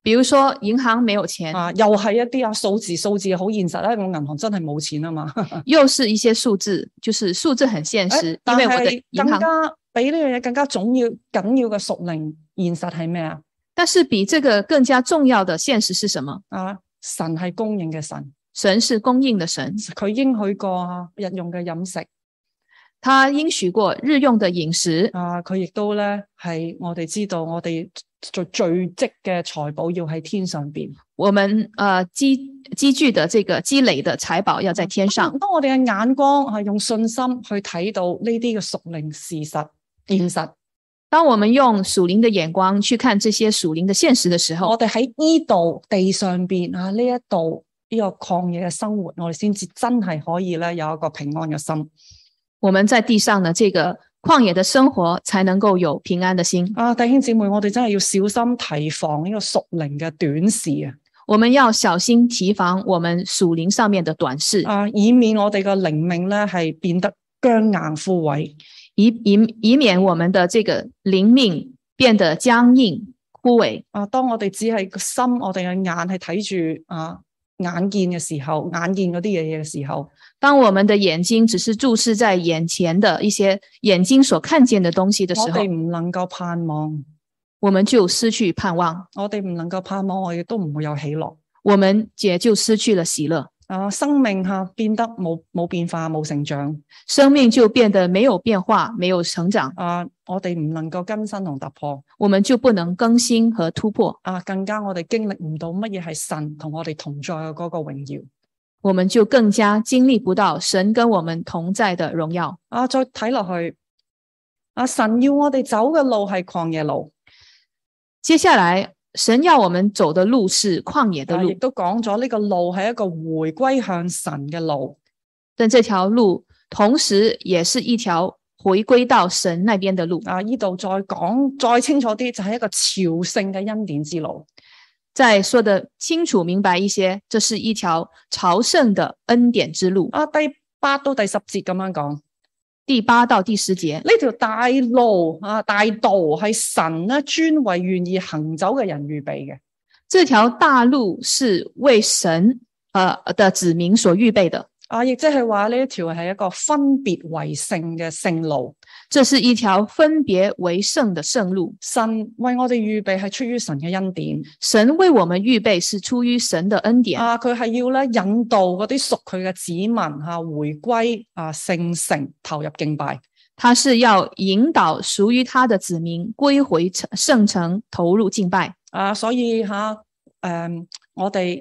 比如說銀行沒有錢啊，又係一啲啊數字數字好現實咧，我銀行真係冇錢啊嘛，又是一些數字，字， 字，就是數字很現實。欸、但是因為我的銀行更加比呢樣嘢更加重要緊要嘅屬靈現實係咩啊？但是比這個更加重要的現實是什麼啊？神係供應嘅神，神是供應的神，佢應許過啊日用嘅飲食。他應許過日用的飲食。啊，佢亦都咧係我哋知道，我哋最聚積嘅財寶要喺天上邊。我們誒、呃、積積聚的這個積累的財寶要在天上。嗯、當我哋嘅眼光係用信心去睇到呢啲嘅屬靈事實現實。當我們用屬靈的眼光去看這些屬靈的現實的時候，我哋喺呢度地上邊啊呢一度呢個曠野嘅生活，我哋先至真係可以咧有一個平安嘅心。我們在地上的這個曠野的生活，才能夠有平安的心。啊，弟兄姊妹，我哋真係要小心提防呢個屬靈嘅短視啊！我們要小心提防我們屬靈上面嘅短視啊，以免我哋嘅靈命咧係變得僵硬枯萎，以以以免我們的這個靈命變得僵硬枯萎啊。當我哋只係個心，我哋嘅眼係睇住啊眼見嘅時候，眼見嗰啲嘢嘅時候。當我們的眼睛只是注視在眼前的一些眼睛所看見的東西的時候，我哋唔能夠盼望，我們就失去盼望。我哋唔能夠盼望，我亦都唔會有喜樂。我們也就失去了喜樂。啊，生命吓、啊、變得冇冇變化冇成長，生命就變得沒有變化沒有成長。啊，我哋唔能夠更新同突破，我們就不能更新和突破。啊，更加我哋經歷唔到乜嘢係神同我哋同在嘅嗰個榮耀。我們就更加經歷不到神跟我們同在的榮耀。啊，再睇落去，啊，神要我哋走嘅路係曠野路。接下來，神要我們走的路是曠野的路，亦都講咗呢個路係一個回歸向神嘅路。但這條路同時也是一條回歸到神那邊嘅路。啊，呢度再講再清楚啲，就係、是、一個朝聖嘅恩典之路。再說得清楚明白一些，這是一條朝聖的恩典之路啊！第八到第十節，咁樣講，第八到第十節，呢條大路啊，大道係神呢，專為願意行走嘅人預備嘅。這條大路是為神啊的子民所預備的啊，亦即係話呢一條係一個分別為聖嘅聖路。這是一條分別為聖的聖路，神為我哋預備係出於神嘅恩典，神為我們預備是出於神的恩典啊！佢係要咧引導嗰啲屬佢嘅子民吓、啊、回歸啊聖城，投入敬拜。他是要引導屬於他的子民歸回聖城，投入敬拜啊！所以吓，誒、啊嗯，我哋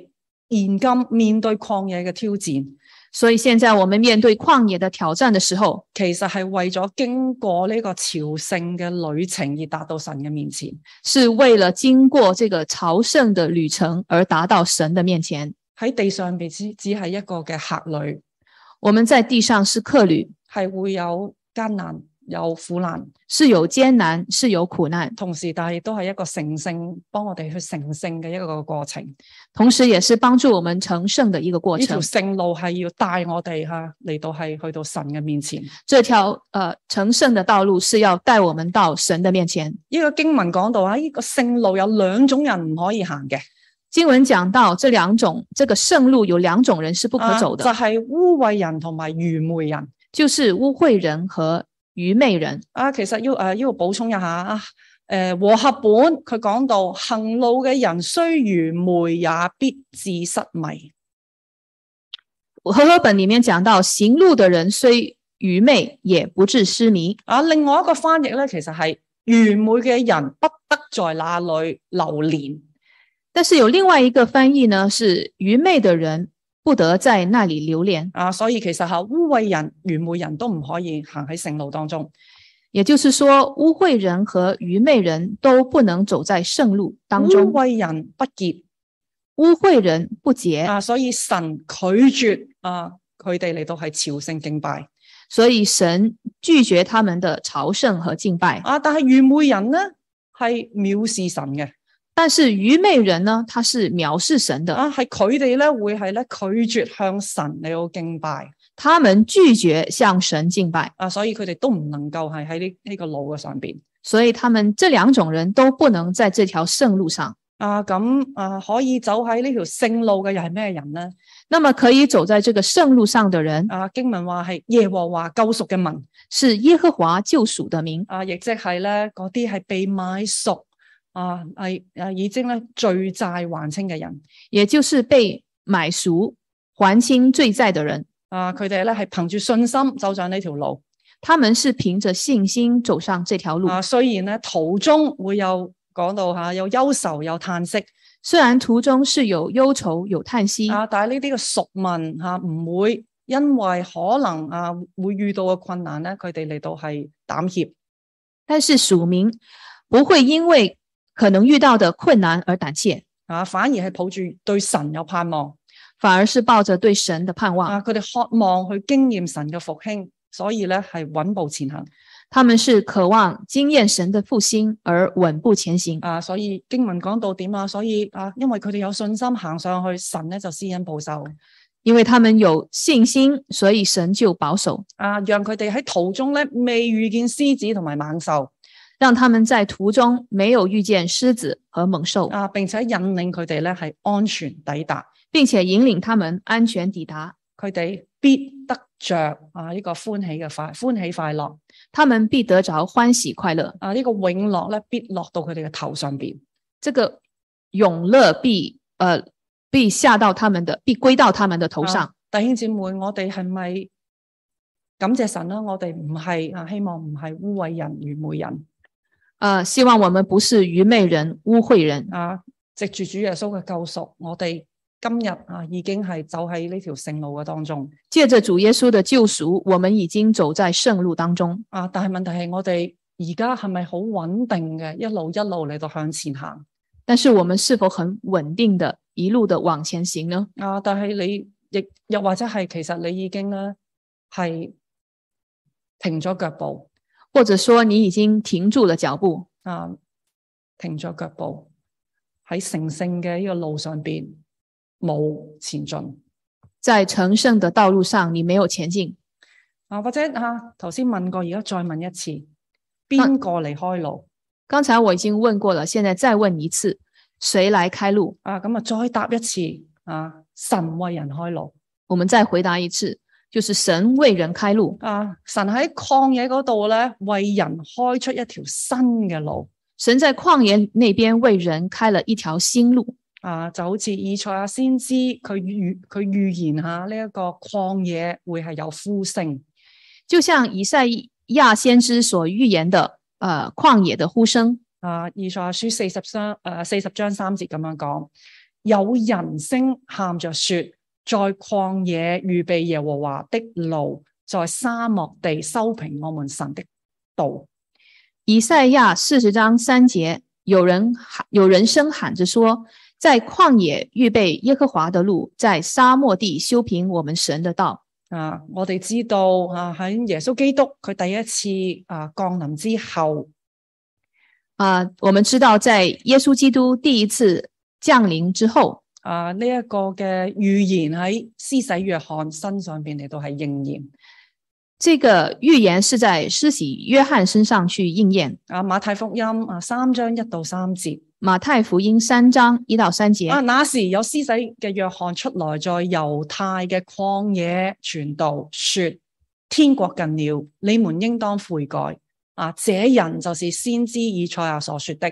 現今面對曠野嘅挑戰。所以現在我們面對曠野的挑戰的時候，其實係為咗經過呢個朝聖嘅旅程而達到神嘅面前，是為了經過這個朝聖的旅程而達到神的面前。喺地上面只只係一個嘅客旅，我們在地上是客旅，係會有艱難。有苦難，是有艱難，是有苦難。同時，但係亦都係一個成聖，幫我哋去成聖嘅一個過程，同時，也是幫助我們成聖嘅一個過程。呢條聖路係要帶我哋吓嚟，到係去到神嘅面前。這條誒、呃、成聖的道路是要帶我們到神嘅面前。呢、這個經文講到啊，呢、哎這個聖路有兩種人唔可以行嘅。經文講到這兩種，這個聖路有兩種人是不可走的，啊、就係、是、污穢人同埋愚昧人，就是污穢人和。愚昧人啊，其實要誒、呃、要補充一下啊，誒、呃、和合本佢講到行路嘅人雖愚昧，也必自失迷。和合本裏面講到行路嘅人雖愚昧，也不致失迷。啊，另外一個翻譯咧，其實係愚昧嘅人不得在那裏流連。但是有另外一個翻譯呢，是愚昧嘅人。不得在那裏留連啊！所以其實吓污穢人、愚昧人都唔可以行喺聖路當中，也就是說污穢人和愚昧人都不能走在聖路當中。污穢人不潔，污穢人不潔啊！所以神拒絕啊，佢哋嚟到係朝聖敬拜，所以神拒絕他們的朝聖和敬拜啊！但係愚昧人呢，係藐視神嘅。但是愚昧人呢，他是藐視神的啊，係佢哋咧會係咧拒絕向神嚟到敬拜，他們拒絕向神敬拜啊，所以佢哋都唔能夠係喺呢呢個路嘅上邊，所以他們這兩種人都不能在這條聖路上啊。咁啊，可以走喺呢條聖路嘅又係咩人呢？那麼可以走在這個聖路上嘅人啊，經文話係耶和華救贖嘅民，是耶和華救贖的民，啊，亦即係咧嗰啲係被買贖。啊，係、啊、誒，已經咧罪債還清嘅人，也就是被買贖還清罪債嘅人。啊，佢哋咧係憑住信心走上呢條路，他們是憑着信心走上這條路。啊，雖然咧途中會有講到吓、啊，有憂愁，有嘆息。雖然途中是有憂愁，有嘆息。啊，但係呢啲嘅屬民吓，唔、啊、會因為可能啊會遇到嘅困難咧，佢哋嚟到係膽怯，但是屬民不會因為。可能遇到的困難而膽怯，啊，反而係抱住對神有盼望，反而是抱着對神的盼望。啊，佢哋渴望去經驗神嘅復興，所以咧係穩步前行。他們是渴望經驗神的復興而穩步前行。啊，所以經文講到點啊？所以啊，因為佢哋有信心行上去，神咧就施恩保守。因為他們有信心，所以神就保守。啊，讓佢哋喺途中咧未遇見獅子同埋猛獸。讓他們在途中沒有遇見獅子和猛獸啊，並且引領佢哋咧係安全抵達，並且引領他們安全抵達，佢哋必得着啊呢、這個歡喜嘅快歡喜快樂，他們必得着歡喜快樂啊，呢個永樂咧必落到佢哋嘅頭上邊，這個永樂必誒必下到他們的，、這個必，呃、必，他們的必歸到他們的頭上。啊、弟兄姊妹，我哋係咪感謝神啦、啊？我哋唔係啊，希望唔係污穢人與愚昧人。啊、呃！希望我們不是愚昧人、污穢人啊！藉住主耶穌嘅救贖，我哋今日啊已經係走喺呢條聖路嘅當中。借着主耶穌的救贖，我們、啊、已經走在聖路當中啊！但係問題係，我哋而家係咪好穩定嘅一路一路嚟到向前行？但是我們是否很穩定的一路的往前行呢？啊！但係你亦又或者係，其實你已經咧係停咗腳步。或者說你已經停住了腳步啊，停咗腳步喺成聖嘅呢個路上邊冇前進，在成聖嘅道路上你沒有前進啊，或者啊頭先問過，而家再問一次，邊個嚟開路啊？剛才我已經問過了，現在再問一次，誰來開路？啊咁啊，再答一次啊，神為人開路，我們再回答一次。就是神為人開路啊！神喺曠野嗰度咧，為人開出一條新嘅路。神在曠野那邊為人開了一條新路啊！就好似以賽亞先知佢預佢預言吓呢一下這個曠野會係有呼聲，就像以賽亞先知所預言的，誒、呃、曠野的呼聲啊！以賽亞書四十三誒四十章三、呃、節咁樣講，有人聲喊着說。在曠野預備耶和華的路，在沙漠地修平我們神的道。以賽亞四十章三節，有人喊，有人聲喊着說：在曠野預備耶和華的路，在沙漠地修平我們神的道。啊，我哋知道啊，喺耶穌基督佢第一次啊降臨之後，啊，我們知道在耶穌基督第一次降臨之後。啊！呢、這、一個嘅預言喺施洗約翰身上邊，嚟到係應驗。這個預言是在施洗約翰身上去應驗。啊，馬太福音啊，三章一到三節。馬太福音三章一到三節。啊，那時有施洗嘅約翰出來，在猶太嘅曠野傳道，說：天國近了，你們應當悔改。啊，這人就是先知以賽亞所說的。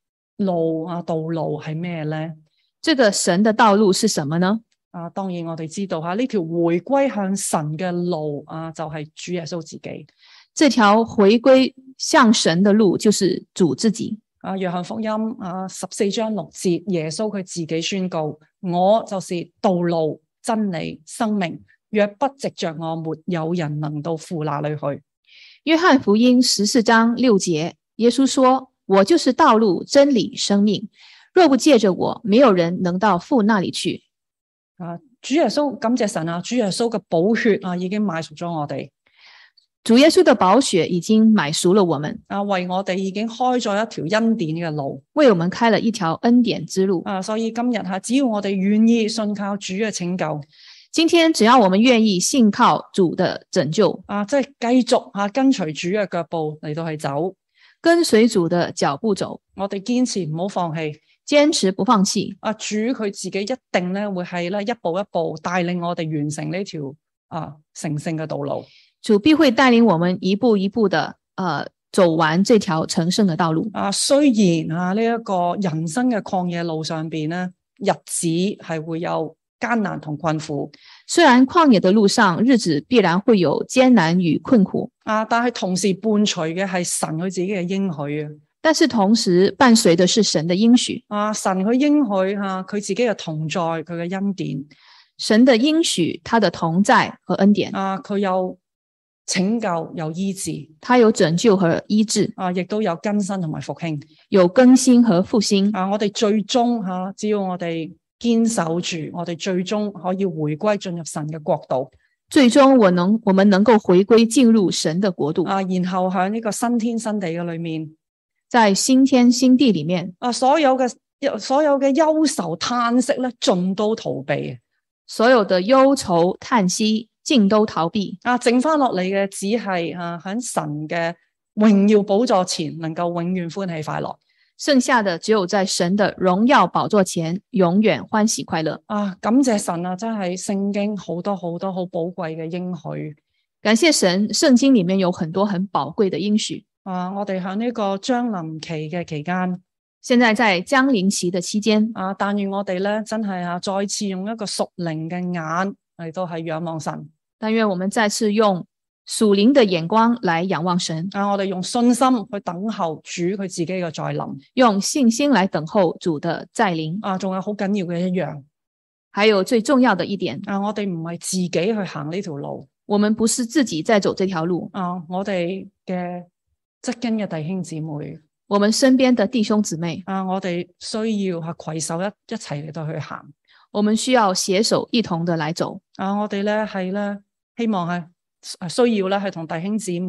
路啊，道路係咩咧？這個神的道路是什麼呢？啊，當然我哋知道吓，呢條回歸向神嘅路啊，就係主耶穌自己。這條回歸向神嘅路，就是主自己。啊，約翰福音啊，十四章六節，耶穌佢自己宣告：我就是道路、真理、生命。若不藉着我，沒有人能到父那裏去。約翰福音十四章六節，耶穌說。我就是道路、真理、生命。若不借着我，沒有人能到父那裏去。啊，主耶穌感謝神啊，主耶穌嘅寶血啊，已經買贖咗我哋。主耶穌嘅寶血已經買贖了我們。啊，為我哋已經開咗一條恩典嘅路，為我們開咗一條恩典之路。啊，所以今日吓，只要我哋願意信靠主嘅拯救，今天只要我們願意信靠主的拯救，啊，即係繼續吓啊，跟隨主嘅腳步嚟到去走。跟隨主的腳步走，我哋堅持唔好放棄，堅持不放棄。阿、啊、主佢自己一定咧會係咧一步一步帶領我哋完成呢條啊成聖嘅道路。主必會帶領我們一步一步的，啊、走完這條成聖嘅道路。啊，雖然啊呢一、這個人生嘅曠野路上面咧，日子係會有，艱難同困苦，雖然曠野的路上日子必然會有艱難與困苦啊，但係同時伴隨嘅係神佢自己嘅應許啊。但是同時伴隨嘅是神嘅應許啊，神佢應許吓佢、啊、自己嘅同在佢嘅恩典，神的應許，他的同在和恩典啊，佢有拯救有醫治，他有拯救和醫治啊，亦都有更新同埋復興，有更新和復興，啊，和復興啊。我哋最終吓、啊，只要我哋。堅守住，我哋最終可以回歸進入神嘅國度。最終我能，我們能夠回歸進入神嘅國度啊！然後喺呢個新天新地嘅裏面，在新天新地裏面啊，所有嘅所有嘅憂愁嘆息咧，盡都逃避；所有嘅憂愁嘆息盡都逃避啊！剩翻落嚟嘅只係啊，喺神嘅榮耀寶座前，能夠永遠歡喜快樂。剩下的只有在神的榮耀寶座前永遠歡喜快樂啊！感謝神啊，真係聖經好多好多好寶貴嘅應許。感謝神，聖經裏面有很多很寶貴的應許啊！我哋喺呢個將臨期嘅期間，現在在將臨期的期間啊，但願我哋咧真係啊再次用一個屬靈嘅眼嚟到係仰望神。但願我們再次用。屬靈的眼光來仰望神，啊！我哋用信心去等候主佢自己嘅再臨，用信心來等候主的再臨。啊，仲有好緊要嘅一樣，還有最重要的一點。啊，我哋唔係自己去行呢條路，我們不是自己在走這條路。啊，我哋嘅側近嘅弟兄姊妹，我們身邊的弟兄姊妹。啊，我哋需要係攜手一一齊嚟到去行，我們需要攜手一同的來走。啊，我哋咧係咧希望係。需要咧，係同弟兄姊妹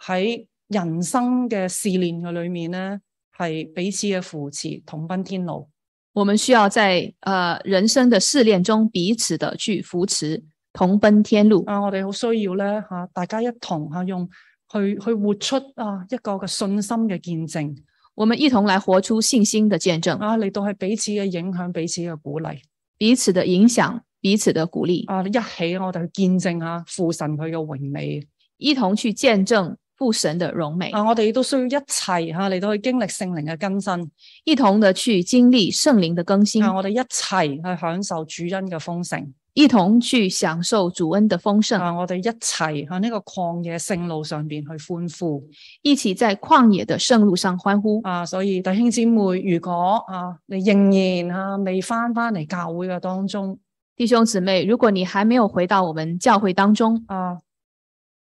喺人生嘅試煉嘅裏面咧，係彼此嘅扶持，同奔天路。我們需要在誒、呃、人生的試煉中，彼此的去扶持，同奔天路。啊，我哋好需要咧吓、啊，大家一同吓、啊、用去去活出啊一個嘅信心嘅見證。我們一同來活出信心嘅見證啊，嚟到係彼此嘅影響，彼此嘅鼓勵，彼此嘅影響。彼此的鼓勵啊，一起我哋去見證下父神佢嘅榮美，一同去見證父神的榮美啊！我哋都需要一齊吓嚟到去經歷聖靈嘅更新，一同的去經歷聖靈的更新。啊、我哋一齊去享受主恩嘅豐盛，一同去享受主恩的豐盛。啊、我哋一齊喺呢個曠野聖路上邊去歡呼，一起在曠野的聖路上歡呼啊！所以弟兄姊妹，如果啊你仍然啊未翻翻嚟教會嘅當中。弟兄姊妹，如果你還沒有回到我們教會當中啊，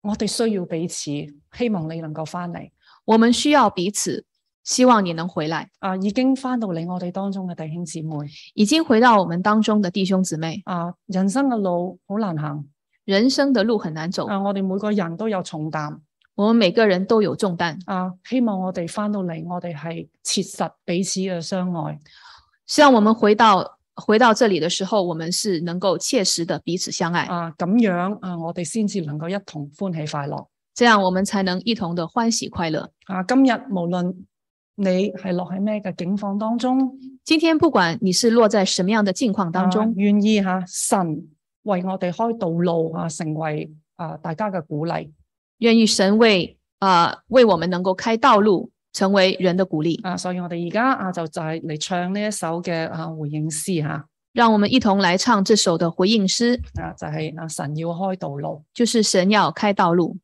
我哋需要彼此，希望你能夠翻嚟。我們需要彼此，希望你能回來啊！已經翻到嚟我哋當中嘅弟兄姊妹，已經回到我們當中的弟兄姊妹啊。人生嘅路好難行，人生的路很難走，很難走啊！我哋每個人都有重擔，我們每個人都有重擔啊！希望我哋翻到嚟，我哋係切實彼此嘅相愛。希望我們回到。.回到這裏的時候，我們是能夠切實的彼此相愛。啊，咁樣啊，我哋先至能夠一同歡喜快樂。這樣我們才能一同的歡喜快樂。啊，今日無論你係落喺咩嘅境況當中，今天不管你是落在什麼樣嘅境況當中，啊、願意哈、啊、神為我哋開道路啊，成為啊大家嘅鼓勵。願意神為啊為我們能夠開道路。成為人的鼓勵啊，所以我哋而家啊就就係嚟，唱呢一首嘅啊回應詩吓，讓我們一同嚟唱這首的回應詩啊，就係啊神要開道路，就是神要開道路。